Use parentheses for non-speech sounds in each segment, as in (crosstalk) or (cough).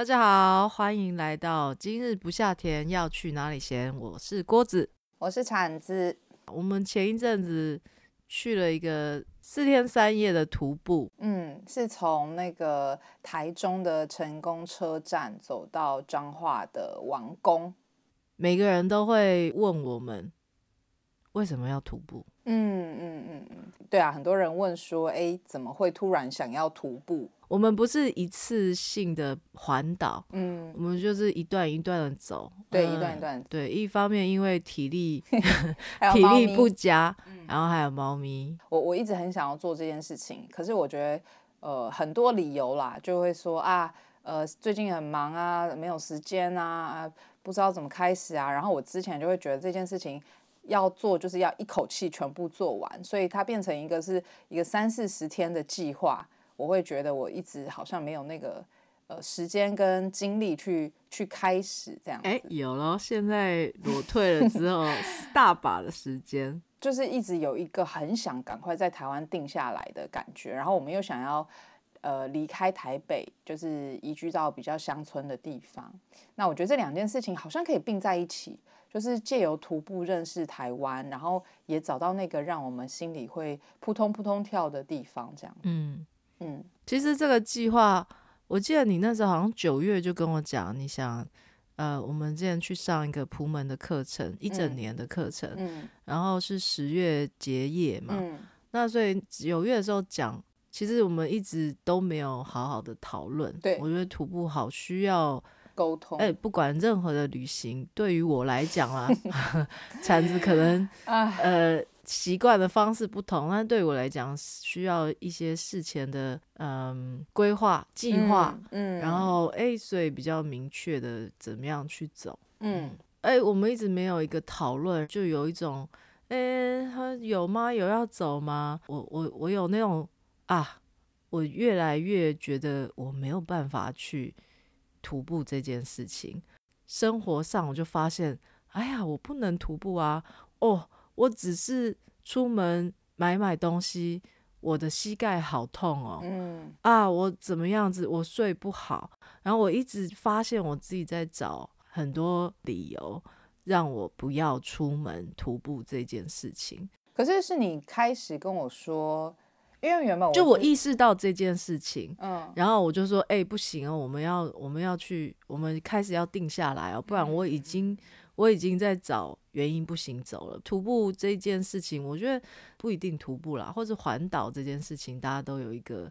大家好，歡迎來到今日不下田要去哪裡閒？我是郭子，我是鏟子。我們前一陣子去了一個四天三夜的徒步，嗯，是從那個台中的成功車站走到彰化的王功。每個人都會問我們為什麼要徒步。嗯嗯嗯嗯，對啊，很多人問說，欸，怎麼會突然想要徒步？我們不是一次性的環島，嗯，我們就是一段一段的走，對，嗯、一段一段走。對，一方面因為體力， (laughs) 體力不佳，嗯、然後還有貓咪。我我一直很想要做這件事情，可是我覺得，呃，很多理由啦，就會說啊，呃，最近很忙啊，沒有時間啊，不知道怎麼開始啊。然後我之前就會覺得這件事情要做，就是要一口氣全部做完，所以它變成一個是一個三四十天的計劃。我會覺得我一直好像沒有那個、呃、時間跟精力去去開始這樣。哎、欸，有了！現在裸退了之後， (laughs) 大把的時間，就是一直有一個很想趕快在台灣定下來的感覺。然後我們又想要、呃、離開台北，就是移居到比較鄉村的地方。那我覺得這兩件事情好像可以併在一起，就是借由徒步認識台灣，然後也找到那個讓我們心裡會撲通撲通跳的地方，這樣。嗯。嗯，其實這個計劃，我記得你那時候好像九月就跟我講，你想，呃，我們之前去上一個普門的課程，一整年的課程，嗯嗯、然後是十月結業嘛、嗯，那所以九月的時候講，其實我們一直都沒有好好的討論，對，我覺得徒步好需要溝通，哎，不管任何的旅行，對於我來講啊，甚 (laughs) (laughs) 至可能， (laughs) 呃。習慣的方式不同，但對我來講，需要一些事前的嗯規劃計劃，嗯，然後誒，所以比較明確的怎麼樣去走，嗯，誒，我們一直沒有一個討論，就有一種誒，他有嗎？有要走嗎？我我我有那種啊，我越來越覺得我沒有辦法去徒步這件事情。生活上我就發現，哎呀，我不能徒步啊，哦。我只是出門買買東西，我的膝蓋好痛哦。嗯啊，我怎麼樣子？我睡不好，然後我一直發現我自己在找很多理由讓我不要出門徒步這件事情。可是是你開始跟我說，因為原本我就我意識到這件事情，嗯，然後我就說，哎、欸，不行哦，我們要我們要去，我們開始要定下來哦，不然我已經、嗯、我已經在找。原因不行走了，徒步這件事情，我覺得不一定徒步啦，或是環島這件事情，大家都有一個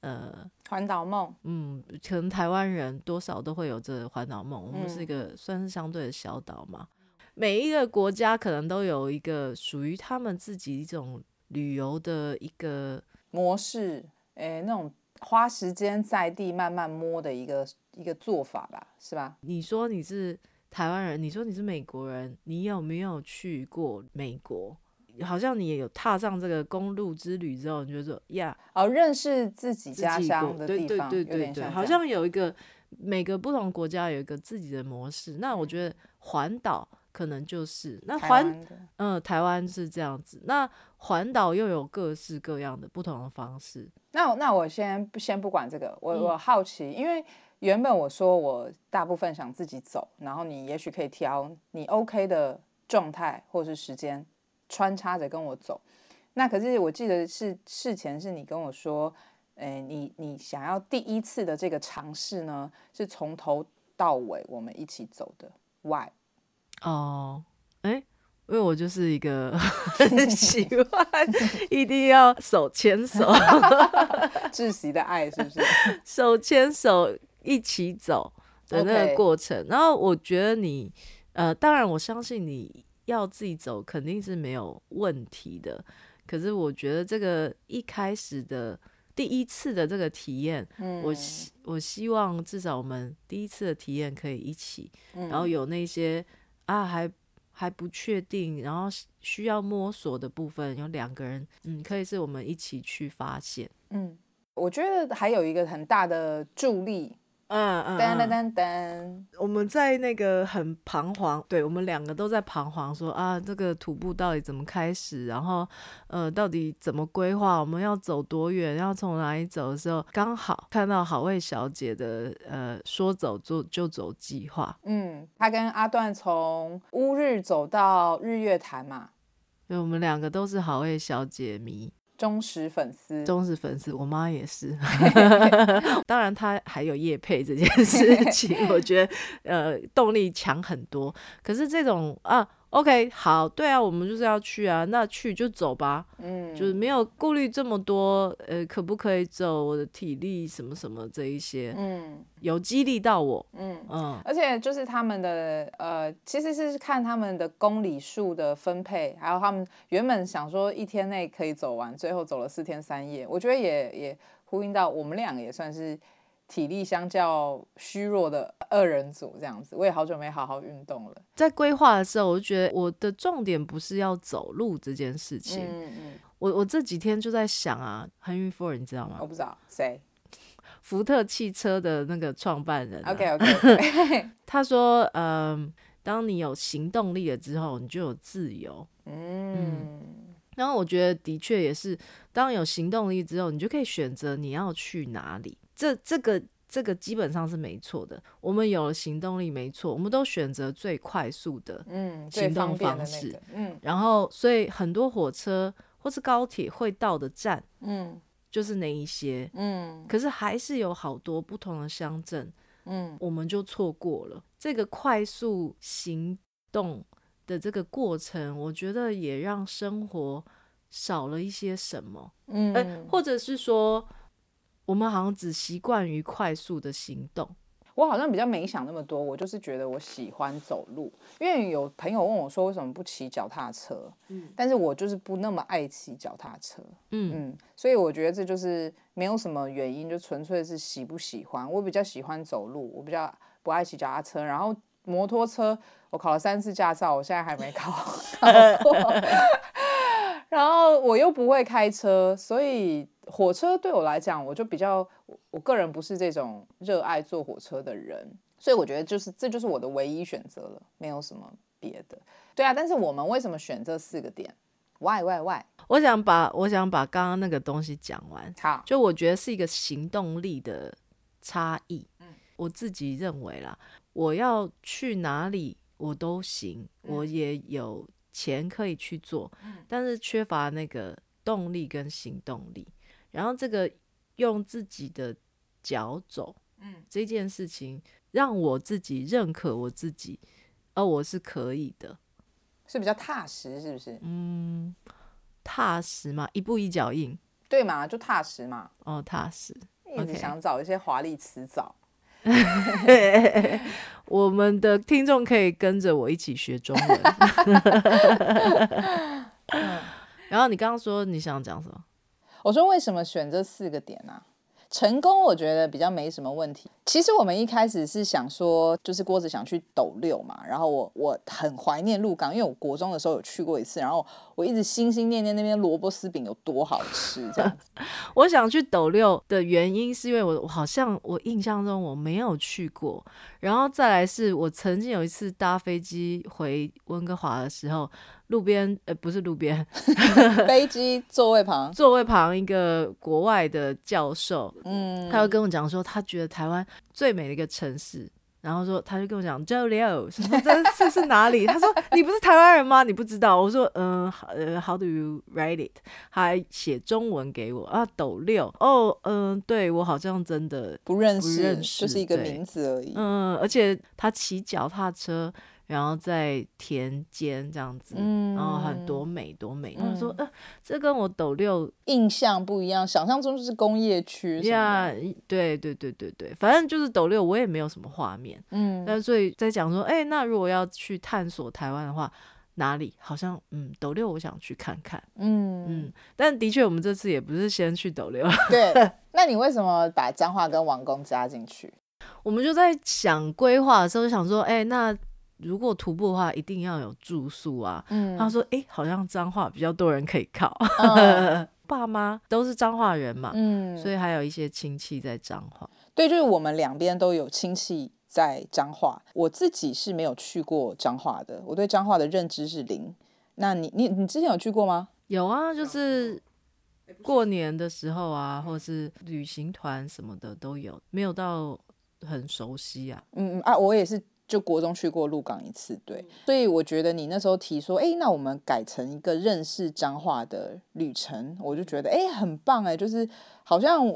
呃環島夢，嗯，可能台灣人多少都會有這環島夢。嗯，我們是一個算是相對的小島嘛，每一個國家可能都有一個屬於他們自己一種旅遊的一個模式，誒、欸，那種花時間在地慢慢摸的一個一個做法吧，是吧？你說你是。台灣人，你說你是美國人，你有沒有去過美國？好像你也有踏上這個公路之旅之後，你就說呀，yeah, 哦，認識自己家鄉的地方，對對，對對對對對，好像有一個、嗯、每個不同國家有一個自己的模式。那我覺得環島可能就是那環，嗯，台灣、呃、是這樣子。那環島又有各式各樣的不同的方式。那那我先不先不管這個，我我好奇，嗯、因為。原本我說我大部分想自己走，然後你也許可以挑你 OK 的狀態或是時間，穿插着跟我走。那可是我記得是事前是你跟我說，欸、你你想要第一次的這個嘗試呢，是從頭到尾我們一起走的。Why？哦，哎，因為我就是一個很 (laughs) 喜歡一定要手牽手窒 (laughs) 息 (laughs) 的愛，是不是？ (laughs) 手牽手。一起走的那個過程，Okay. 然後我覺得你，呃，當然我相信你要自己走肯定是沒有問題的，可是我覺得這個一開始的第一次的這個體驗，嗯，我我希望至少我們第一次的體驗可以一起，嗯，然後有那些啊還還不確定，然後需要摸索的部分，有兩個人，嗯，可以是我們一起去發現，嗯，我覺得還有一個很大的助力。嗯、啊、嗯、啊，我們在那個很彷徨，對我們兩個都在彷徨說，說啊，這個徒步到底怎麼開始，然後呃，到底怎麼規劃，我們要走多遠，要從哪裡走的時候，剛好看到好味小姐的呃說走就就走計劃，嗯，她跟阿段從烏日走到日月潭嘛，因為我們兩個都是好味小姐迷。忠實粉絲，忠實粉絲，我媽也是。 (laughs) 當然，她還有業配這件事情， (laughs) 我覺得呃動力強很多。可是這種啊。OK，好，對啊，我們就是要去啊，那去就走吧，嗯，就是沒有顧慮這麼多，呃，可不可以走，我的體力什麼什麼這一些，嗯，有激勵到我，嗯嗯，而且就是他們的，呃，其實是看他們的公里數的分配，還有他們原本想說一天內可以走完，最後走了四天三夜，我覺得也也呼應到我們兩個也算是。體力相較虛弱的二人組這樣子，我也好久沒好好運動了。在規劃的時候，我就覺得我的重點不是要走路這件事情。嗯嗯，我我這幾天就在想啊，Henry Ford 你知道嗎？我不知道誰，福特汽車的那個創辦人啊。OK OK， (laughs) 他說，嗯，當你有行動力了之後，你就有自由。嗯。嗯，然後我覺得的確也是，當有行動力之後，你就可以選擇你要去哪裡。這這個這個基本上是沒錯的，我們有了行動力沒錯，我們都選擇最快速的嗯行動方式嗯，最方便的、那個、嗯，然後所以很多火車或是高鐵會到的站嗯，就是那一些嗯，可是還是有好多不同的鄉鎮、嗯、我們就錯過了這個快速行動的這個過程，我覺得也讓生活少了一些什麼嗯，哎，或者是說。我們好像只習慣於快速的行動。我好像比較沒想那麼多，我就是覺得我喜歡走路，因為有朋友問我，說為什麼不騎腳踏車？嗯，但是我就是不那麼愛騎腳踏車。嗯嗯，所以我覺得這就是沒有什麼原因，就純粹是喜不喜歡。我比較喜歡走路，我比較不愛騎腳踏車。然後摩托車，我考了三次駕照，我現在還沒考。 (laughs) 然後我又不會開車，所以火車對我來講，我就比較我個人不是這種熱愛坐火車的人，所以我覺得就是這就是我的唯一選擇了，沒有什麼別的。對啊，但是我們為什麼選這四個點？Why why why？我想把我想把剛剛那個東西講完。好，就我覺得是一個行動力的差異。嗯，我自己認為啦，我要去哪裡我都行，嗯、我也有。錢可以去做，但是缺乏那個動力跟行動力。然後這個用自己的腳走，這件事情讓我自己認可我自己，哦，我是可以的，是比較踏實，是不是？嗯，踏實嘛，一步一腳印，對嘛，就踏實嘛。哦，踏實。你想找一些華麗辭藻。Okay (laughs) (laughs) (laughs) 我們的聽眾可以跟着我一起學中文。 (laughs) (laughs) (laughs) (laughs) (laughs) 然後你剛剛說你想講什麼？我說為什麼選這四個點呢、啊？成功，我覺得比較沒什麼問題。其實我們一開始是想說，就是郭子想去斗六嘛，然後我我很懷念鹿港，因為我國中的時候有去過一次，然後我一直心心念念那邊蘿蔔絲餅有多好吃。這樣子， (laughs) 我想去斗六的原因是因為我好像我印象中我沒有去過，然後再來是我曾經有一次搭飛機回溫哥華的時候，路邊呃，不是路邊，飛機座位旁，座位旁一個國外的教授，嗯，他就跟我講說，他覺得台灣最美的一個城市，然後說他就跟我講斗六什麼，這這是哪裡？ (laughs) (laughs) 他說你不是台灣人嗎？你不知道？我說嗯呃，How do you write it？他還寫中文給我啊，斗六哦，嗯、oh, 呃、對我好像真的不認，不認識，就是一個名字而已。嗯、呃，而且他騎腳踏車。然後在田間這樣子，嗯、然後很多美，多美。他、嗯、們說，呃，這跟我斗六印象不一樣，想象中就是工業區，是吧？對對對對對，反正就是斗六，我也沒有什麼畫面。嗯，但所以在講說，哎、欸，那如果要去探索台灣的話，哪裡？好像嗯，斗六我想去看看。嗯嗯，但的確，我們這次也不是先去斗六。對， (laughs) 那你為什麼把彰化跟王功加進去？我們就在想規劃的時候，就想說，哎、欸，那。如果徒步的話，一定要有住宿啊。嗯、他說：“哎、欸，好像彰化比較多人可以靠，嗯、 (laughs) 爸媽都是彰化人嘛，嗯，所以還有一些親戚在彰化。對，就是我們兩邊都有親戚在彰化。我自己是沒有去過彰化的，我對彰化的認知是零。那你、你、你之前有去過嗎？有啊，就是過年的時候啊，或者是旅行團什麼的都有，沒有到很熟悉啊。嗯嗯啊，我也是。”就國中去過鹿港一次，對，所以我覺得你那時候提說，哎、欸，那我們改成一個認識彰化的旅程，我就覺得，哎、欸，很棒。哎、欸，就是好像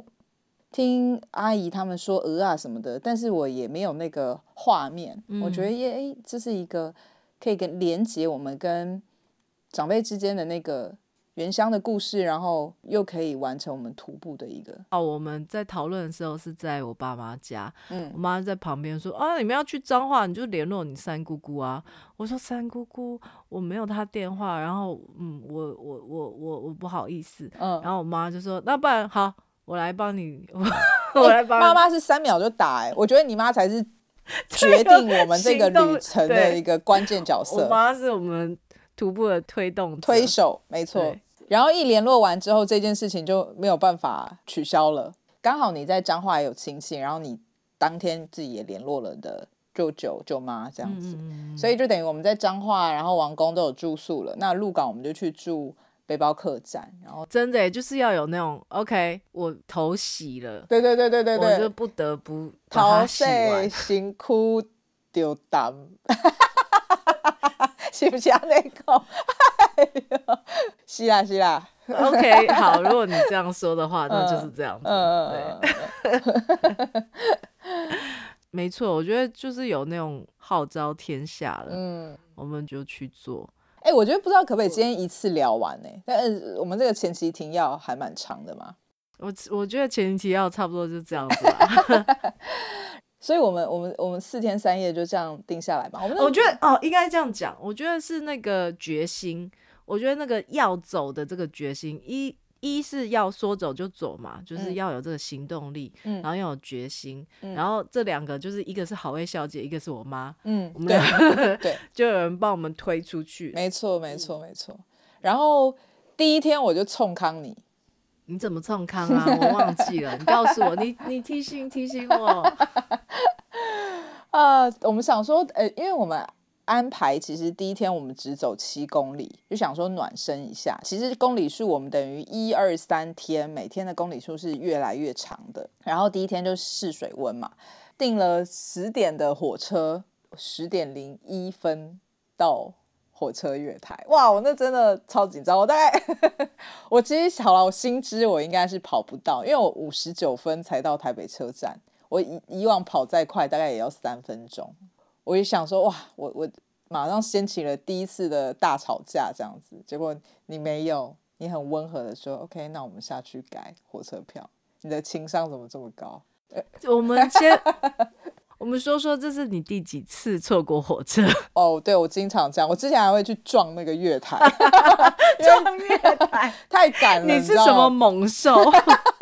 聽阿姨他們說蚵仔什麼的，但是我也沒有那個畫面、嗯，我覺得，哎、欸，這是一個可以跟連接我們跟長輩之間的那個。原鄉的故事，然後又可以完成我們徒步的一個哦，我們在討論的時候是在我爸媽家，嗯、我媽在旁邊說啊，你們要去彰化，你就聯絡你三姑姑啊。我說三姑姑，我沒有她電話，然後嗯，我我我我我不好意思、嗯，然後我媽就說，那不然好，我來幫你，我，、欸、我來幫你。媽媽是三秒就打、欸，我覺得你媽才是決定我們這個旅程的一個關鍵角色。 (laughs) 我媽是我們徒步的推動推手，沒錯。然後一聯絡完之後，這件事情就沒有辦法取消了。剛好你在彰化也有親戚，然後你當天自己也聯絡了的舅舅、舅媽這樣子、嗯，所以就等於我們在彰化，然後王功都有住宿了。那鹿港我們就去住背包客棧，然後真的就是要有那種 OK，我頭洗了，對對對對對，對，我就不得不洗頭洗辛苦丟蛋。 (laughs) 是不加內，哎呦，是啦是啦，OK，好，如果你這樣說的話， (laughs) 那就是這樣子， (laughs) 對， (laughs) 沒錯，我覺得就是有那種號召天下的，嗯，我們就去做。哎、欸，我覺得不知道可不可以今天一次聊完呢、欸？但我們這個前情提要還蠻長的嘛，我我覺得前情提要差不多就是這樣子吧、啊。 (laughs) (laughs) 所以我們我們我們四天三夜就這樣定下來吧。我，們我覺得哦，應該這樣講。我覺得是那個決心，我覺得那個要走的這個決心，一一是要說走就走嘛，就是要有這個行動力，嗯、然後要有決心。嗯、然後這兩個就是一個是好位小姐，一個是我媽。嗯，我們兩個對， (laughs) 就有人幫我們推出去。沒錯，沒錯，沒錯。然後第一天我就衝康你。你怎麼衝康啊？我忘記了， (laughs) 你告訴我，你你提醒提醒我。 (laughs) 呃，我們想說，呃，因為我們安排其實第一天我們只走七公里，就想說暖身一下。其實公里數我們等於一二三天，每天的公里數是越來越長的。然後第一天就試水溫嘛，訂了十點的火車，十點零一分到。火車月台，哇！我那真的超緊張。我大概， (laughs) 我其實好了，我心知我應該是跑不到，因為我五十九分才到台北車站。我以，以往跑再快，大概也要三分鐘。我一想說，哇！我我馬上掀起了第一次的大吵架這樣子。結果你沒有，你很溫和的說：“OK，那我們下去改火車票。”你的情商怎麼這麼高？我們先。 (laughs) 我們說說，這是你第幾次錯過火車？哦、oh，對，我經常這樣。我之前還會去撞那個月台， (laughs) 因為 (laughs) 撞月台太趕了。你是什麼猛獸？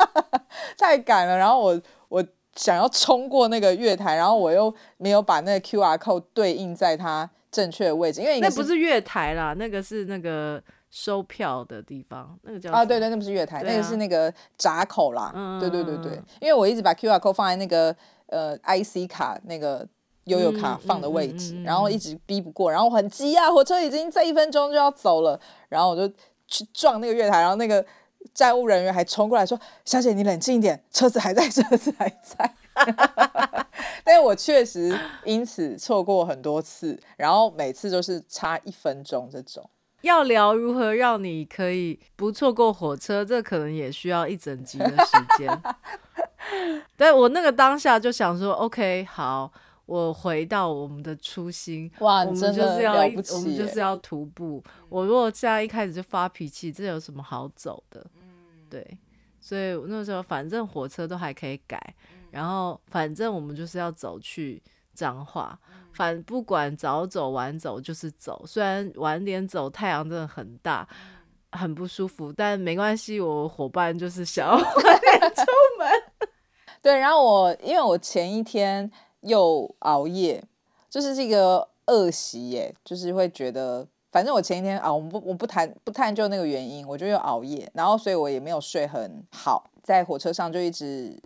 (laughs) 太趕了。然後我我想要衝過那個月台，然後我又沒有把那個 Q R code 對應在它正確的位置，因為那不是月台啦，那個是那個收票的地方，那個叫什麼啊？對，對對，那不是月台，啊、那個是那個閘口啦、嗯。對對對對，因為我一直把 Q R code 放在那個。呃，IC 卡那個悠遊卡放的位置，嗯嗯嗯，然後一直逼不過，然後我很急啊，火車已經在一分鐘就要走了，然後我就去撞那個月台，然後那個站務人員還衝過來說：“小姐，你冷靜一點，車子還在，車子還在。 (laughs) ” (laughs) 但我確實因此錯過很多次，然後每次都是差一分鐘這種。要聊如何讓你可以不錯過火車，這可能也需要一整集的時間。 (laughs) 但 (laughs) 我那個當下就想說，OK，好，我回到我們的初心，哇，我們就是要，不起我們就是要徒步。我如果現在一開始就發脾氣，這有什麼好走的？對，所以那個時候反正火車都還可以改，然後反正我們就是要走去彰化，反不管早走晚走就是走。雖然晚點走，太陽真的很大，很不舒服，但沒關係。我夥伴就是想要晚點出門。 (laughs) 對，然後我因為我前一天又熬夜，就是這個惡習耶，就是會覺得，反正我前一天啊，我們不我不談不探究那個原因，我就又熬夜，然後所以我也沒有睡很好，在火車上就一直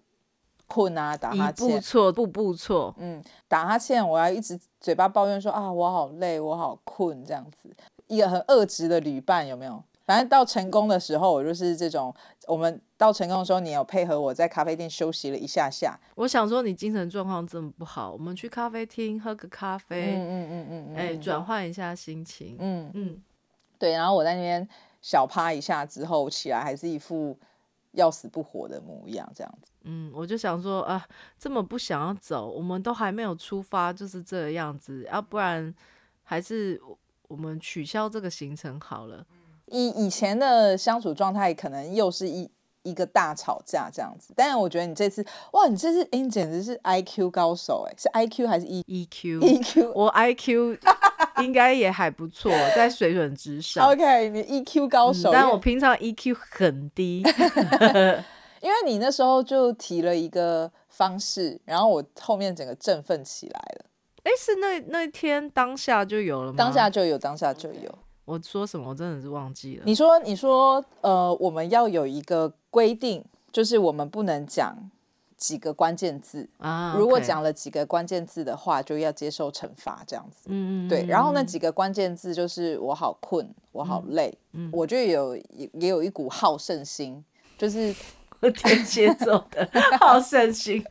困啊，打哈欠，不錯，步步錯，嗯，打哈欠，我要一直嘴巴抱怨說啊，我好累，我好困，這樣子一個很惡質的旅伴有沒有？反正到成功的時候，我就是這種我們。到成功的時候，你有配合我在咖啡店休息了一下下。我想說你精神狀況這麼不好，我們去咖啡廳喝個咖啡，嗯嗯嗯嗯，哎、嗯，轉、嗯、換、欸、一下心情，嗯嗯，嗯，對。然後我在那邊小趴一下之後起來，還是一副要死不活的模樣，這樣子。嗯，我就想說啊，這麼不想要走，我們都還沒有出發，就是這個樣子。要、啊、不然還是我們取消這個行程好了。嗯、以以前的相處狀態，可能又是一。一個大吵架這樣子，但是我覺得你這次，哇，你這次，欸、你簡直是 I Q 高手哎、欸，是 I Q 還是 E E Q？E Q，我 I Q 應該也還不錯， (laughs) 在水準之上。Okay，你 E Q 高手、嗯，但我平常 E Q 很低， (laughs) (laughs) 因為你那時候就提了一個方式，然後我後面整個振奮起來了。哎、欸，是那那天當下就有了嗎？當下就有，當下就有。我說什麼？我真的是忘記了。你說，你說，呃，我們要有一個規定，就是我們不能講幾個關鍵字啊。如果講了幾個關鍵字的話、啊 okay，就要接受懲罰，這樣子。嗯對，然後那幾個關鍵字就是我好困，嗯、我好累。嗯、我就有也也有一股好勝心，就是 (laughs) 我天蠍座的 (laughs) 好勝心。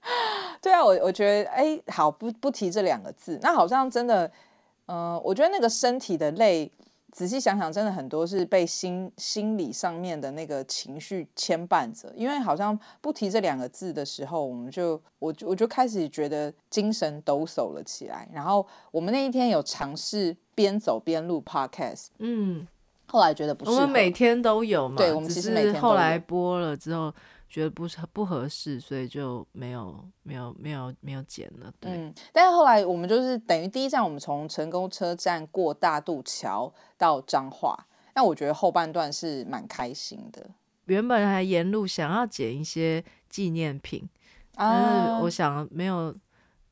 (laughs) 對啊，我我覺得哎、欸，好不不提這兩個字，那好像真的。嗯、呃，我覺得那個身體的累，仔細想想，真的很多是被心心理上面的那個情緒牽絆着。因為好像不提這兩個字的時候，我們就我我就開始覺得精神抖擻了起來。然後我們那一天有嘗試邊走邊錄 podcast，嗯，後來覺得不是，我們每天都有嘛，對，我們其實每天後來播了之後。覺得不是不合適，所以就沒有沒有沒有沒有撿了。對，嗯，但是後來我們就是等於第一站，我們從成功車站過大渡橋到彰化，但我覺得後半段是蠻開心的。原本還沿路想要撿一些紀念品，uh, 但是我想沒有，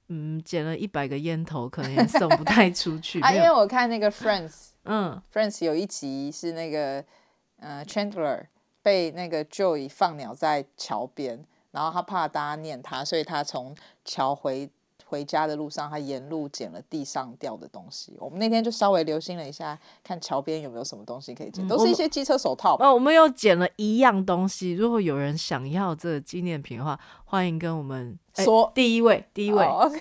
嗯，撿了一百個煙頭，可能也送不太出去。 (laughs) 沒有啊，因為我看那個 Friends，嗯、uh,，Friends 有一集是那個呃、uh, Chandler。被那個 Joey 放鳥在橋邊，然後他怕大家念他，所以他從橋回回家的路上，他沿路撿了地上掉的東西。我們那天就稍微留心了一下，看橋邊有沒有什麼東西可以撿，都是一些機車手套。那、嗯、我，我，我們又撿了一樣東西。如果有人想要這紀念品的話，歡迎跟我們、欸、說。第一位，第一位。Oh, OK。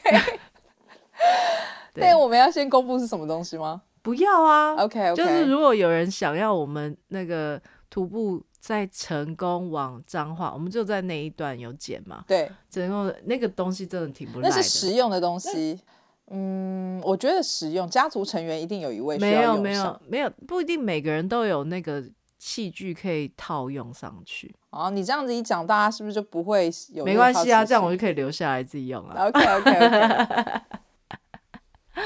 (laughs) 對，那我們要先公布是什麼東西嗎？不要啊。OK, okay. 就是如果有人想要我們那個。徒步在成功往彰化，我們就在那一段有剪嘛？對，整個那個東西真的挺不賴的。那是實用的東西。嗯，我覺得實用。家族成員一定有一位需要用上。沒有，沒有，沒有，不一定每個人都有那個器具可以套用上去。哦，你這樣子一講，大家是不是就不會有？沒關係啊，這樣我就可以留下來自己用了。 (laughs) OK OK OK。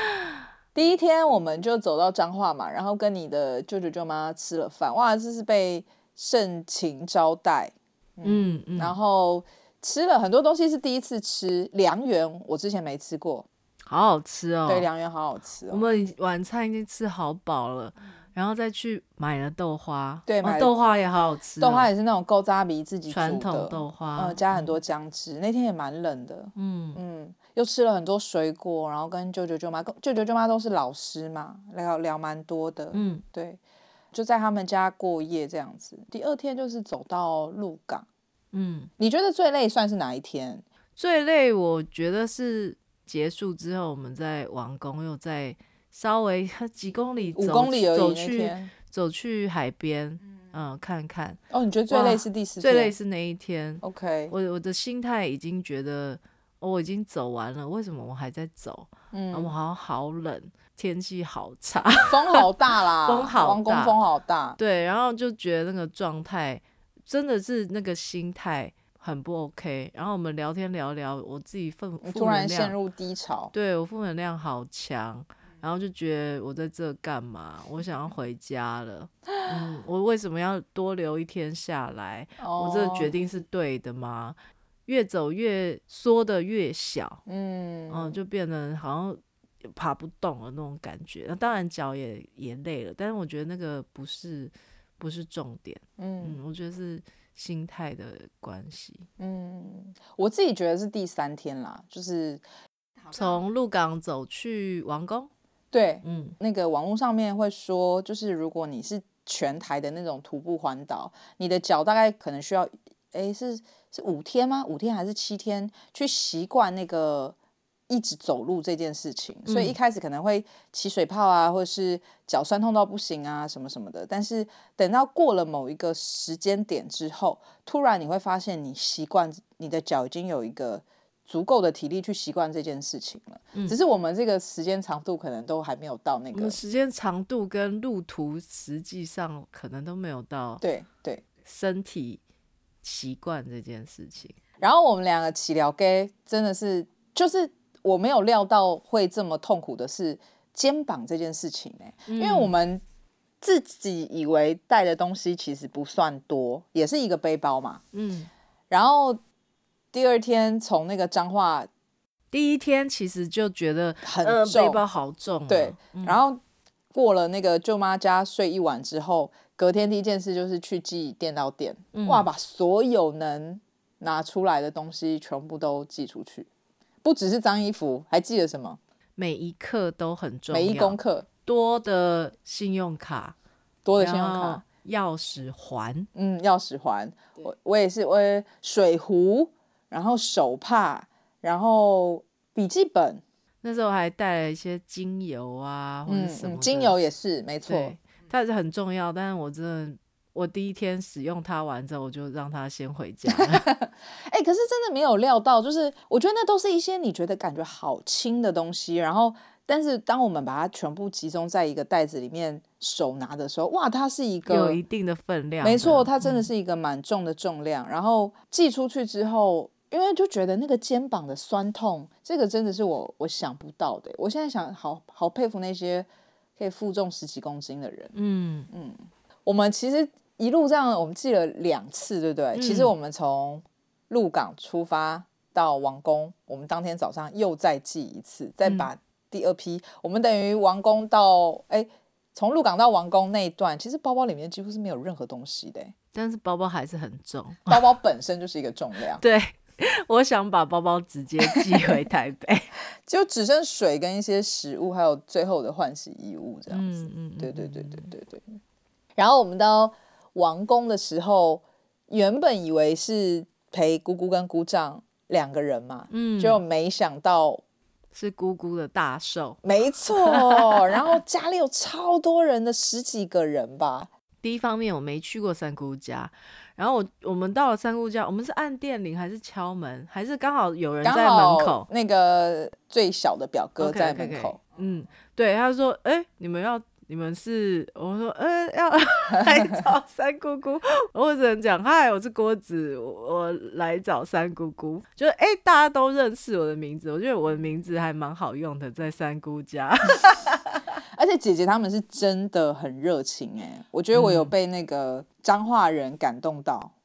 (laughs) 第一天我們就走到彰化嘛，然後跟你的舅舅舅媽吃了飯，哇，這是被盛情招待，嗯，嗯嗯，然後吃了很多東西是第一次吃，涼圓我之前沒吃過，好好吃哦，對，涼圓好好吃。哦，我們晚餐已經吃好飽了，然後再去買了豆花，對，買，哦、豆花也好好吃。哦，豆花也是那種古早味自己的傳統豆花，嗯，加很多薑汁，嗯，那天也蠻冷的，嗯嗯。就吃了很多水果，然後跟舅舅舅媽、跟舅舅舅媽都是老師嘛，聊聊蠻多的。嗯，對，就在他們家過夜這樣子。第二天就是走到鹿港。嗯，你覺得最累算是哪一天？最累，我覺得是結束之後，我們在王功又在稍微幾公里走、五公里走去走去海邊，嗯、呃，看看。哦，你覺得最累是第四天？最累是那一天？OK，我我的心態已經覺得。我已經走完了，為什麼我還在走？嗯，然後我好像好冷，天氣好差，風好大啦， (laughs) 風好大，皇宮風好大。對，然後就覺得那個狀態真的是那個心態很不 OK。然後我們聊天聊聊，我自己負負能量突然陷入低潮。對，我負能量好強。然後就覺得我在這幹嘛？我想要回家了。 (laughs) 嗯，我為什麼要多留一天下來？哦，我這個決定是對的嗎？越走越縮得越小，嗯，嗯，就變得好像爬不動了那種感覺。那當然腳也也累了，但是我覺得那個不是不是重點，嗯，嗯，我覺得是心態的關係。嗯，我自己覺得是第三天啦，就是從鹿港走去王功。對，嗯，那個網絡上面會說，就是如果你是全台的那種徒步環島，你的腳大概可能需要，哎、欸、是。是五天嗎？五天還是七天？去習慣那個一直走路這件事情，嗯，所以一開始可能會起水泡啊，或者是腳酸痛到不行啊，什麼什麼的。但是等到過了某一個時間點之後，突然你會發現，你習慣你的腳已經有一個足夠的體力去習慣這件事情了，嗯。只是我們這個時間長度可能都還沒有到那個時間長度跟路途，實際上可能都沒有到對。對對，身體。習慣這件事情，然後我們兩個起聊給，真的是，就是我沒有料到會這麼痛苦的是肩膀這件事情，欸嗯、因為我們自己以為帶的東西其實不算多，也是一個背包嘛，嗯、然後第二天從那個彰化，第一天其實就覺得很，呃、背包好重、啊，對，嗯，然後過了那個舅媽家睡一晚之後。隔天第一件事就是去寄店到店、嗯，哇！把所有能拿出來的東西全部都寄出去，不只是髒衣服，還寄了什麼？每一刻都很重要，每一公克多的信用卡，多的信用卡，鑰匙環，嗯，鑰匙環，我我也是，我是水壺，然後手帕，然後筆記本，那時候還帶了一些精油啊，或者什麼的、嗯嗯、精油也是，沒錯。它是很重要，但是我真的，我第一天使用它完之後，我就讓它先回家。哎、 (laughs) 欸，可是真的沒有料到，就是我覺得那都是一些你覺得感覺好輕的東西，然後，但是當我們把它全部集中在一個袋子裡面手拿的時候，哇，它是一個有一定的分量的。沒錯，它真的是一個蠻重的重量、嗯。然後寄出去之後，因為就覺得那個肩膀的酸痛，這個真的是我我想不到的。我現在想好，好好佩服那些。可以負重十幾公斤的人，嗯嗯，我們其實一路上我們寄了兩次，對不對？嗯、其實我們從鹿港出發到王功，我們當天早上又再寄一次，再把第二批。嗯、我們等於王功到哎，從、欸、鹿港到王功那一段，其實包包裡面幾乎是沒有任何東西的、欸，但是包包還是很重，包包本身就是一個重量， (laughs) 對。 (laughs) 我想把包包直接寄回台北， (laughs) 就只剩水跟一些食物，還有最後的換洗衣物這樣子。嗯，嗯對對對對對對。嗯、然後我們到王功的時候，原本以為是陪姑姑跟姑丈兩個人嘛，嗯，就沒想到是姑姑的大壽。沒錯，然後家裡有超多人的，十幾個人吧。 (laughs) 第一方面，我沒去過三姑家。然後我，我們到了三姑家。我們是按電鈴還是敲門？還是剛好有人在門口？那個最小的表哥在門口。Okay, okay, okay. 嗯，對，他就說：“哎、欸，你們要。”你們是我說，嗯、欸，要來找三姑姑， (laughs) 我只能講嗨，我是郭子我，我來找三姑姑，就是哎、欸，大家都認識我的名字，我覺得我的名字還蠻好用的，在三姑家， (laughs) 而且姐姐他們是真的很熱情，哎、欸，我覺得我有被那個彰化人感動到。嗯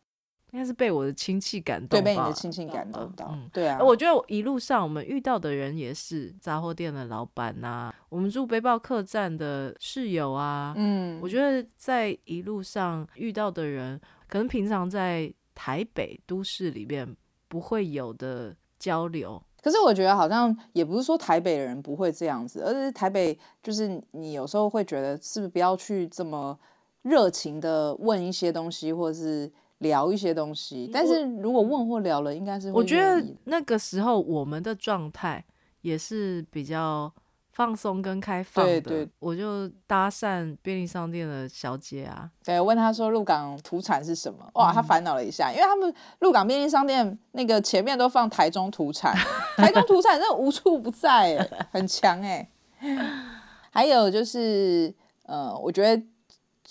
應該是被我的親戚感動，對，被你的親戚感動到。嗯，嗯對啊，啊。我覺得一路上我們遇到的人也是雜貨店的老闆吶、啊，我們住背包客棧的室友啊。嗯，我覺得在一路上遇到的人，可能平常在台北都市裡面不會有的交流。可是我覺得好像也不是說台北的人不會這樣子，而是台北就是你有時候會覺得是不是不要去這麼熱情的問一些東西，或者是。聊一些東西，但是如果問或聊了，應該是我，我覺得那個時候我們的狀態也是比較放鬆跟開放的。對，對對，我就搭訕便利商店的小姐啊，對，我問她說鹿港土產是什麼？哇，她煩惱了一下，因為他們鹿港便利商店那個前面都放台中土產， (laughs) 台中土產真的無處不在，很強哎。 (laughs) 還有就是，呃，我覺得。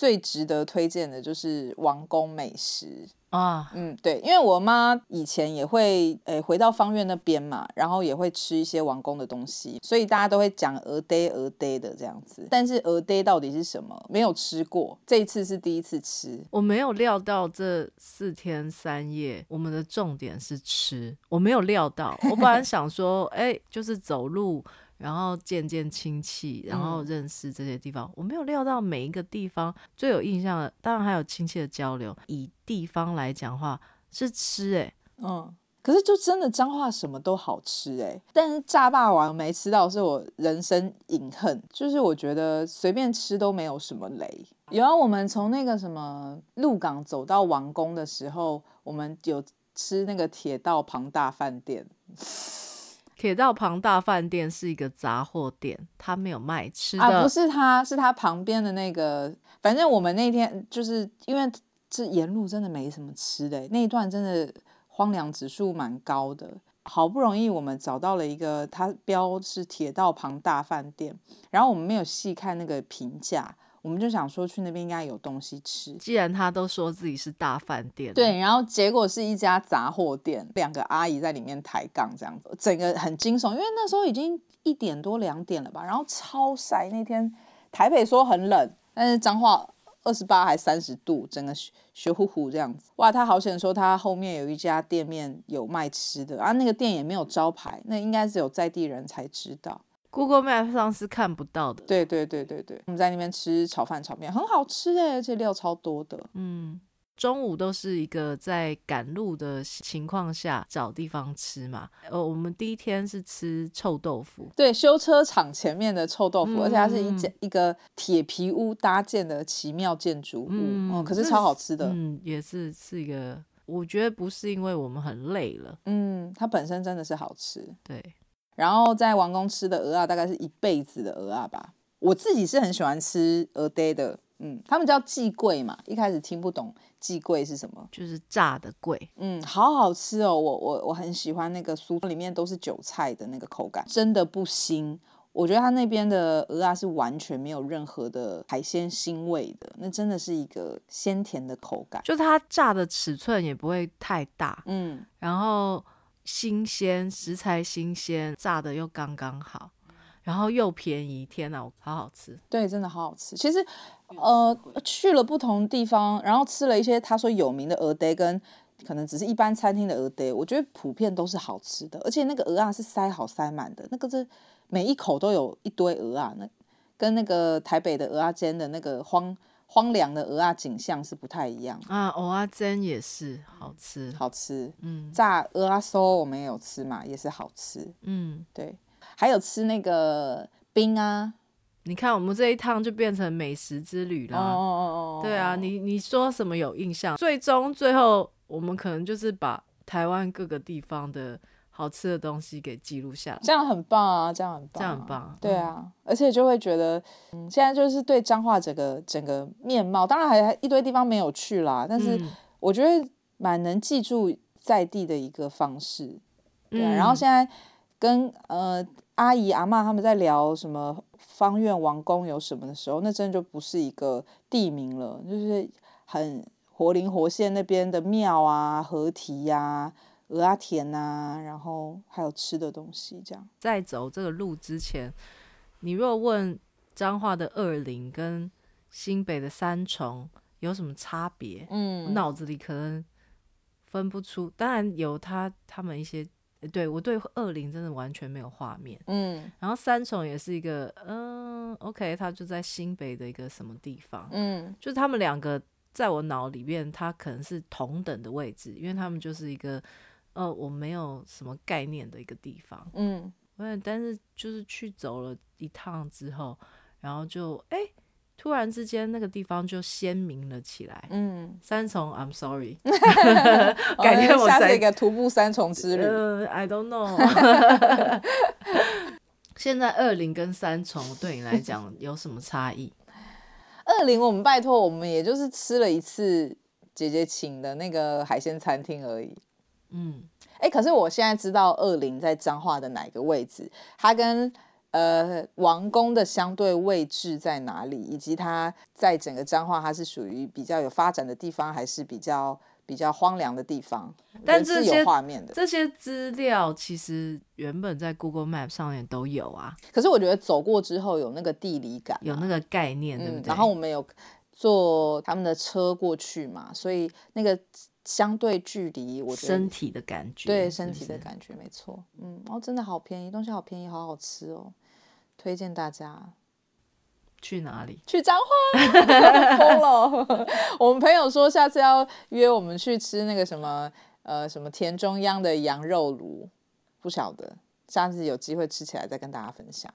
最值得推薦的就是王功美食啊，嗯，對，因為我媽以前也會誒、欸、回到芳苑那邊嘛，然後也會吃一些王功的東西，所以大家都會講蚵嗲蚵嗲的這樣子。但是蚵嗲到底是什麼？沒有吃過，這一次是第一次吃。我沒有料到這四天三夜，我們的重點是吃，我沒有料到，我本來想說，哎， (laughs) 就是走路。然後見見親戚，然後認識這些地方、嗯。我沒有料到每一個地方最有印象的，當然還有親戚的交流。以地方來講話是吃哎、欸，嗯，可是就真的彰化什麼都好吃哎、欸。但是炸霸王沒吃到是我人生隱恨，就是我覺得隨便吃都沒有什麼雷。有啊，我們從那個什麼鹿港走到王宮的時候，我們有吃那個鐵道龐大飯店。 (laughs) 鐵道旁大飯店是一個雜貨店，它沒有賣吃的。啊，不是他，它是它旁邊的那個。反正我們那天就是因為這沿路真的沒什麼吃的，那一段真的荒涼指數蠻高的。好不容易我們找到了一個，它標是鐵道旁大飯店，然後我們沒有細看那個評價。我們就想說去那邊應該有東西吃。既然他都說自己是大飯店，對，然後結果是一家雜貨店，兩個阿姨在裡面抬槓這樣子，整個很驚悚。因為那時候已經一點多兩點了吧，然後超曬。那天台北說很冷，但是彰化二十八還三十度，整個雪雪呼呼這樣子。哇，他好險說他後面有一家店面有賣吃的啊，那個店也沒有招牌，那應該只有在地人才知道。Google Map 上是看不到的。對對對對對，我們在那邊吃炒飯炒麵，很好吃哎，而且料超多的。嗯，中午都是一個在趕路的情況下找地方吃嘛。呃、哦，我們第一天是吃臭豆腐，對，修車廠前面的臭豆腐，嗯、而且它是一間一個鐵皮屋搭建的奇妙建築物，哦、嗯嗯，可是超好吃的。嗯，也是是一個，我覺得不是因為我們很累了，嗯，它本身真的是好吃，對。然後在王功吃的蚵仔，大概是一輩子的蚵仔吧。我自己是很喜歡吃蚵嗲的，嗯，他們叫寄貴嘛，一開始聽不懂寄貴是什麼，就是炸的貴，嗯，好好吃哦，我我我很喜歡那個酥，裡面都是韭菜的那個口感，真的不腥。我覺得他那邊的蚵仔是完全沒有任何的海鮮腥味的，那真的是一個鮮甜的口感，就它炸的尺寸也不會太大，嗯，然後。新鮮食材新鮮，新鮮炸的又剛剛好，然後又便宜，天啊，好好吃。對，真的好好吃。其實，呃，去了不同地方，然後吃了一些他說有名的蚵嗲，跟可能只是一般餐廳的蚵嗲，我覺得普遍都是好吃的。而且那個蚵仔是塞好塞滿的，那個是每一口都有一堆蚵仔。那跟那個台北的蚵仔煎的那個荒。荒涼的蚵仔景象是不太一樣的啊，蚵仔煎也是好吃，嗯，好吃，嗯，炸蚵仔酥我們也有吃嘛，也是好吃，嗯，對，還有吃那個冰啊，你看我們這一趟就變成美食之旅啦，哦哦哦，對啊，你你說什麼有印象？最終最後我們可能就是把台灣各個地方的。好吃的東西給記錄下來，這樣很棒啊！這樣很棒，啊，這樣很棒，啊。對啊，嗯，而且就會覺得，嗯，現在就是對彰化整個整個面貌，當然還還一堆地方沒有去啦，嗯、但是我覺得蠻能記住在地的一個方式。對，啊嗯，然後現在跟呃阿姨阿嬤他們在聊什麼芳苑王功有什麼的時候，那真的就不是一個地名了，就是很活靈活現那邊的廟啊、河堤呀。蚵仔田啊，然後還有吃的東西，這樣在走這個路之前，你若問彰化的二林跟新北的三重有什麼差別，嗯，我腦子裡可能分不出。當然有他他們一些，對我對二林真的完全沒有畫面，嗯，然後三重也是一個，嗯，OK，他就在新北的一個什麼地方，嗯，就是他們兩個在我腦裡面，它可能是同等的位置，因為他們就是一個。呃，我沒有什麼概念的一個地方，嗯，我也但是就是去走了一趟之後，然後就哎、欸，突然之間那個地方就鮮明了起來，嗯，三重，I'm sorry，感 (laughs) 覺 (laughs) 我在一個徒步三重之旅，嗯、呃、，I don't know， (laughs) (laughs) 現在二零跟三重對你來講有什麼差異？二 (laughs) 零我們拜託，我們也就是吃了一次姐姐請的那個海鮮餐廳而已。嗯，哎、欸，可是我現在知道二零在彰化的哪一個位置，它跟呃王宮的相對位置在哪裡，以及它在整個彰化，它是屬於比較有發展的地方，還是比較比較荒涼的地方？但是有畫面的這些資料其實原本在 Google Map 上面都有啊。可是我覺得走過之後有那個地理感、啊，有那個概念，對不對、嗯？然後我們有坐他們的車過去嘛，所以那個。相對距離，我覺得身體的感覺，對，是是身體的感覺，沒錯，嗯，哦，真的好便宜，東西好便宜，好好吃哦，推薦大家去哪裡？去彰化 (laughs) 都都空 (laughs) 我們朋友說下次要約我們去吃那個什麼，呃，什麼田中央的羊肉爐，不曉得，下次有機會吃起來再跟大家分享。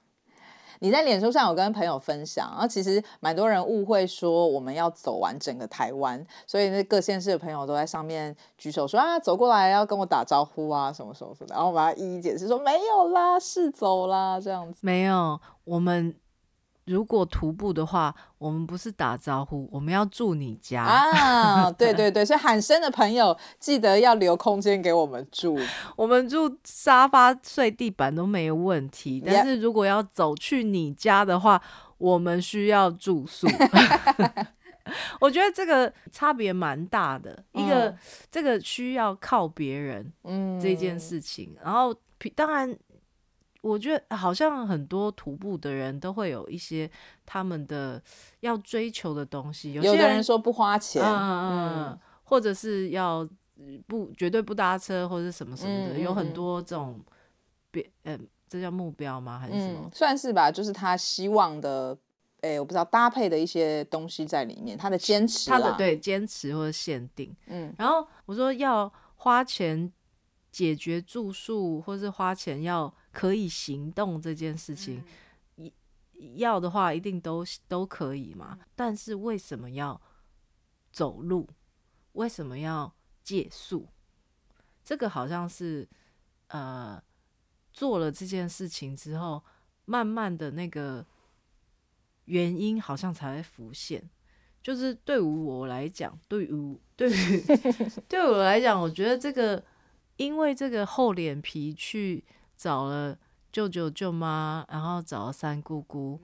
你在臉書上有跟朋友分享，然後、啊、其實蠻多人誤會說我們要走完整個台灣，所以那各縣市的朋友都在上面舉手說啊，走過來要跟我打招呼啊，什麼什麼什麼，然後我把它一一解釋說沒有啦，是走啦這樣子，沒有我們。如果徒步的話，我們不是打招呼，我們要住你家啊！對對對，所以喊聲的朋友記得要留空間給我們住， (laughs) 我們住沙發睡地板都沒有問題。但是如果要走去你家的話，yeah. 我們需要住宿。 (laughs) (laughs) (laughs) 我覺得這個差別蠻大的，嗯、一個這個需要靠別人這件事情，嗯、然後當然。我覺得好像很多徒步的人都會有一些他們的要追求的東西。有些人，有人說不花錢，嗯嗯，或者是要不絕對不搭車，或者是什麼什麼的，嗯、有很多這種別嗯、欸，這叫目標嗎？還是什麼？嗯、算是吧，就是他希望的。欸、我不知道搭配的一些東西在裡面，他的堅持，他的對堅持或者限定。嗯，然後我說要花錢解決住宿，或是花錢要。可以行動這件事情，一、嗯、要的話一定都都可以嘛。但是為什麼要走路？為什麼要借宿？這個好像是呃做了這件事情之後，慢慢的那個原因好像才會浮現。就是對於我來講，對於對於對我來講，我覺得這個因為這個厚臉皮去。找了舅舅、舅媽，然後找了三姑姑。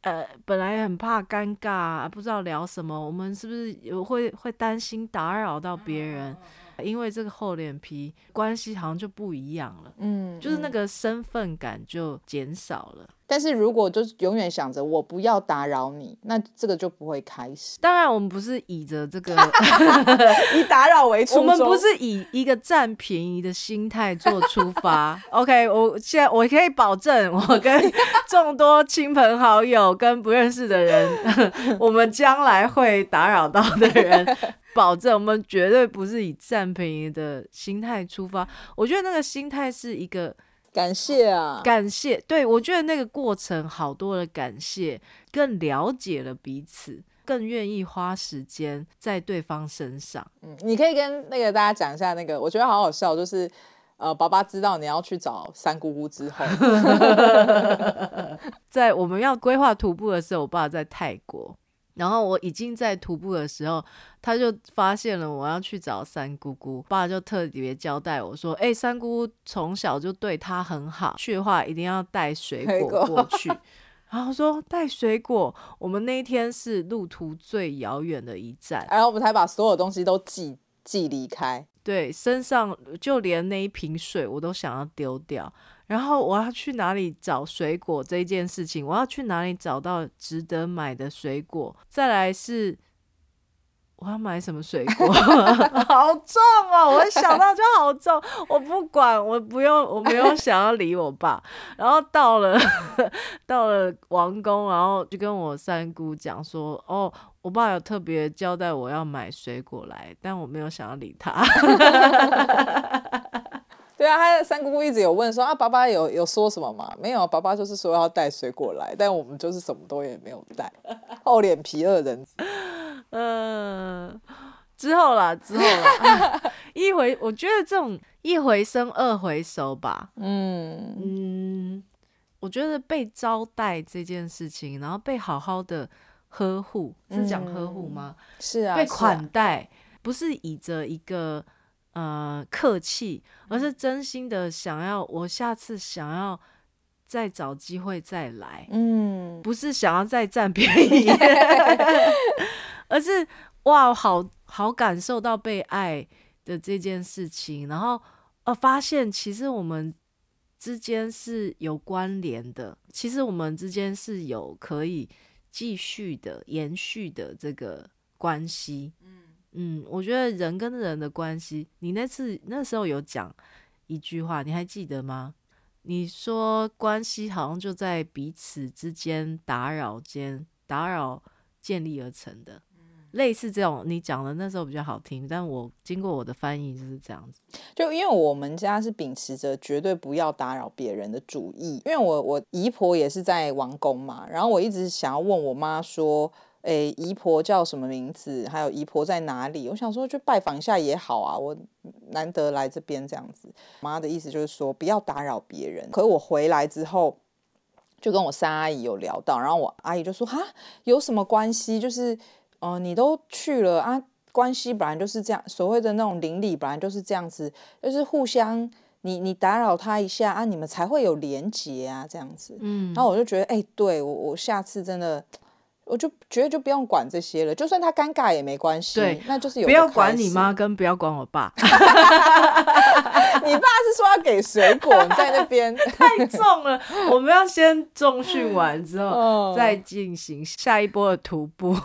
呃，本來很怕尷尬，不知道聊什麼。我們是不是也會會擔心打擾到別人？因為這個厚臉皮關係好像就不一樣了。嗯，就是那個身份感就減少了。但是如果就是永遠想着我不要打擾你，那這個就不會開始。當然，我們不是以着這個 (laughs) 以打擾為初衷 (laughs) 我們不是以一個占便宜的心態做出發。OK，我現在我可以保證，我跟眾 (laughs) 多親朋好友跟不認識的人， (laughs) 我們將來會打擾到的人，保證我們絕對不是以占便宜的心態出發。我覺得那個心態是一個。感謝啊，感謝！對我覺得那個過程，好多的感謝，更了解了彼此，更願意花時間在對方身上。嗯，你可以跟那個大家講一下那個，我覺得好好笑，就是呃，爸爸知道你要去找三姑姑之後， (laughs) (laughs) 在我們要規劃徒步的時候，我爸在泰國。然後我已經在徒步的時候，他就發現了我要去找三姑姑。爸就特別交代我說：“哎、欸，三姑姑從小就對他很好，去的話一定要帶水果過去。” (laughs) 然後我說帶水果，我們那一天是路途最遙遠的一站，然後我們才把所有東西都寄寄離開。對，身上就連那一瓶水我都想要丟掉。然後我要去哪裡找水果這一件事情？我要去哪裡找到值得買的水果？再來是我要買什麼水果？ (laughs) 好重啊！我一想到就好重，我不管，我不用，我沒有想要理我爸。 (laughs) 然後到了到了王宮，然後就跟我三姑講說：“哦，我爸有特別交代我要買水果來，但我沒有想要理他。 (laughs) ”對啊，他三姑姑一直有問說啊，爸爸有有說什麼嗎？沒有，爸爸就是說要帶水果來，但我們就是什麼都也沒有帶，厚臉皮二人組。嗯、 (laughs) 呃，之後啦，之後啦、 (laughs) 啊，一回，我覺得這種一回生二回熟吧。嗯嗯，我覺得被招待這件事情，然後被好好的呵護，是講呵護嗎？嗯、是啊，被款待，是啊、不是倚着一個。呃，客氣，而是真心的想要，我下次想要再找機會再來，嗯，不是想要再占便宜，而是哇，好好感受到被愛的這件事情，然後呃，發現其實我們之間是有關聯的，其實我們之間是有可以繼續的、延續的這個關係，嗯。嗯，我覺得人跟人的關係，你那次那時候有講一句話，你還記得嗎？你說關係好像就在彼此之間打擾間打擾建立而成的，類似這種。你講的那時候比較好聽，但我經過我的翻譯就是這樣子。就因為我們家是秉持着絕對不要打擾別人的主義，因為我我姨婆也是在王宮嘛，然後我一直想要問我媽說。欸，姨婆叫什麼名字？還有姨婆在哪裡？我想說去拜訪一下也好啊，我難得來這邊這樣子。媽的意思就是說不要打擾別人。可是我回來之後，就跟我三阿姨有聊到，然後我阿姨就說：“哈，有什麼關係？就是，哦、呃，你都去了啊，關係本來就是這樣，所謂的那種鄰里本來就是這樣子，就是互相，你你打擾他一下啊，你們才會有連結啊，這樣子。然後我就覺得，哎、欸，對我我下次真的。”我就覺得就不用管這些了，就算他尷尬也沒關係，對，那就是有不要管你媽跟不要管我爸， (laughs) (laughs) 你爸是說要給水果你在那邊 (laughs) 太重了，我們要先重訓完之後、嗯、再進行下一波的徒步，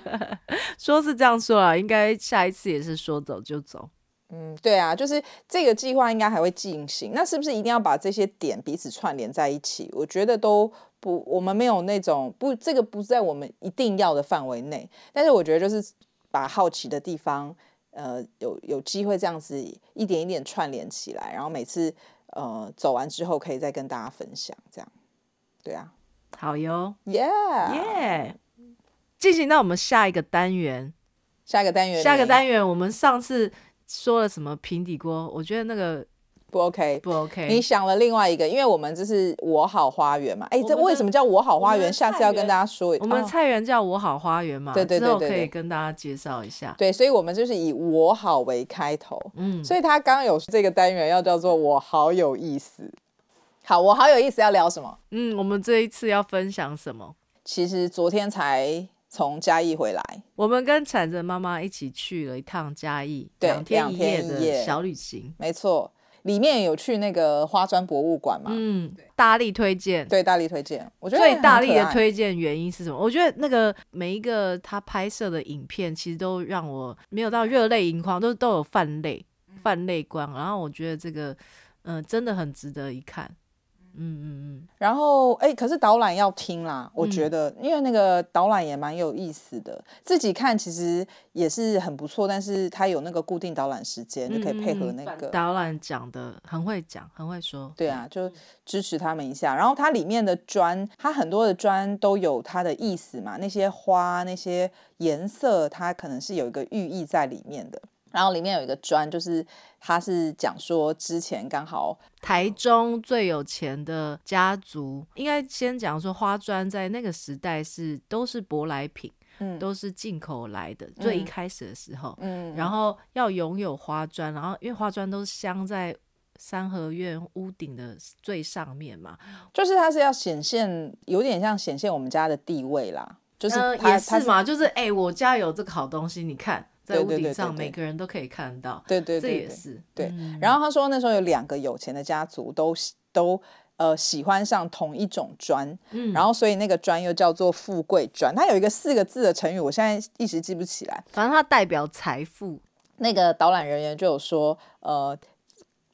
(laughs) 說是這樣說啊，應該下一次也是說走就走，嗯，對啊，就是這個計劃應該還會進行，那是不是一定要把這些點彼此串聯在一起？我覺得都。不，我們沒有那種，不，這個不在我們一定要的範圍內。但是我覺得就是把好奇的地方，呃，有有機會這樣子一點一點串聯起來，然後每次呃走完之後可以再跟大家分享，這樣。對啊，好喲，耶耶，進行到我們下一個單元，下一個單元，下一個單元，我們上次說了什麼平底鍋？我覺得那個。不 OK，不 OK。你想了另外一個，因為我們這是“我好花園”嘛。哎、欸，這為什麼叫“我好花園”？下次要跟大家說一下。我們菜園、哦、叫“我好花園”嘛。對對對,對,對,對我可以跟大家介紹一下。對，所以我們就是以“我好”為開頭。嗯。所以他剛剛有說這個單元要叫做“我好”，有意思。好，我好有意思，要聊什麼？嗯，我們這一次要分享什麼？其實昨天才從嘉義回來，我們跟鏟子媽媽一起去了一趟嘉義，兩天一夜的小旅行。沒錯。裡面有去那個花磚博物館嘛？嗯，大力推薦，對，大力推薦。我覺得最大力的推薦原因是什麼？我覺得那個每一個他拍攝的影片，其實都讓我沒有到熱淚盈眶，都都有泛淚，泛淚光。然後我覺得這個，嗯、呃，真的很值得一看。嗯嗯嗯，然後哎、欸，可是導覽要聽啦，我覺得、嗯，因為那個導覽也蠻有意思的，自己看其實也是很不錯，但是它有那個固定導覽時間，你、嗯嗯嗯、可以配合那個導覽。講得很會講，很會說。對啊，就支持他們一下。然後它裡面的磚，它很多的磚都有它的意思嘛，那些花，那些顏色，它可能是有一個寓意在裡面的。然後裡面有一個磚，就是他是講說，之前剛好台中最有錢的家族，應該先講說花磚在那個時代是都是舶來品，嗯，都是進口來的。最一開始的時候，嗯，然後要擁有花磚，然後因為花磚都是鑲在三合院屋頂的最上面嘛，就是它是要顯現，有點像顯現我們家的地位啦，就是，呃，也是嘛，是，就是，哎、欸，我家有這個好東西，你看。在屋頂上，每個人都可以看到。對對，對，對，對，對，這也是對，對，對，對，對，對。然後他說，那時候有兩個有錢的家族都、嗯、都呃喜歡上同一種磚、嗯，然後所以那個磚又叫做富貴磚。它有一個四個字的成語，我現在一時記不起來。反正它代表財富。那個導覽人員就有說，呃。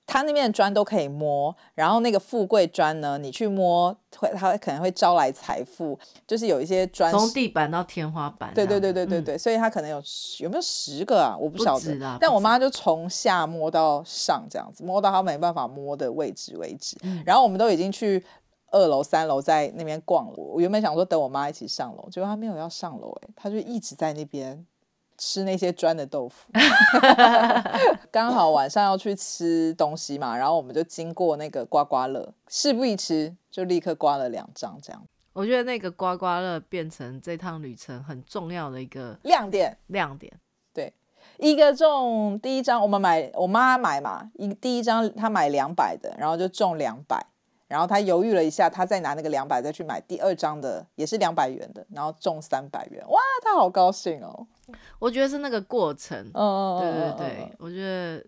他那邊的磚都可以摸，然後那個富貴磚呢，你去摸會，它可能會招來財富，就是有一些磚從地板到天花板。對對對對對對、對、嗯，所以他可能有有沒有十個啊？我不曉得。但我媽就從下摸到上這樣子，摸到她沒辦法摸的位置為止。嗯、然後我們都已經去二樓、三樓在那邊逛了。我原本想說等我媽一起上樓，結果她沒有要上樓，欸，她就一直在那邊。吃那些磚的豆腐，剛 (laughs) 好晚上要去吃東西嘛，然後我們就經過那個刮刮樂，事不宜遲，就立刻刮了兩張，這樣。我覺得那個刮刮樂變成這趟旅程很重要的一個亮點，亮點，對，一個中第一張，我們買我媽買嘛，一第一張她買兩百的，然後就中兩百。然後他猶豫了一下，他再拿那個兩百再去買第二張的，也是兩百元的，然後中三百元，哇，他好高興哦。我覺得是那個過程，嗯、對對對、嗯，我覺得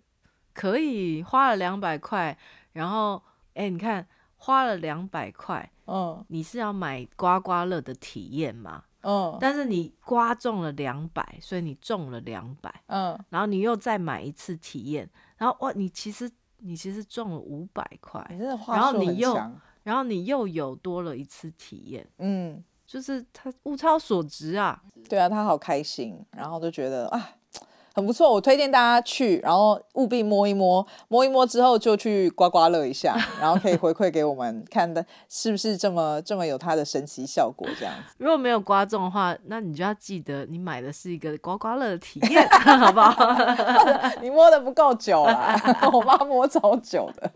可以花了兩百塊，然後哎，你看花了兩百塊，哦、嗯、你是要買刮刮樂的體驗嗎？嗯、但是你刮中了兩百，所以你中了兩百，嗯，然後你又再買一次體驗，然後哇，你其實。你其實中了五百塊，然後你又，然後你又有多了一次體驗，嗯，就是他物超所值啊，對啊，他好開心，然後就覺得啊。很不錯，我推薦大家去，然後務必摸一摸，摸一摸之後就去刮刮樂一下， (laughs) 然後可以回饋給我們，看的是不是這麼這麼有它的神奇效果這樣子。如果沒有刮中的話，那你就要記得你買的是一個刮刮樂的體驗， (laughs) (laughs) 好不好？ (laughs) 你摸得不夠久啦， (laughs) (laughs) (laughs) 我媽摸超久的。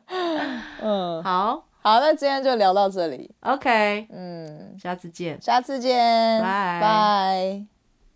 (laughs) 嗯，好好，那今天就聊到這裡。OK，嗯，下次見，下次見，拜拜。Bye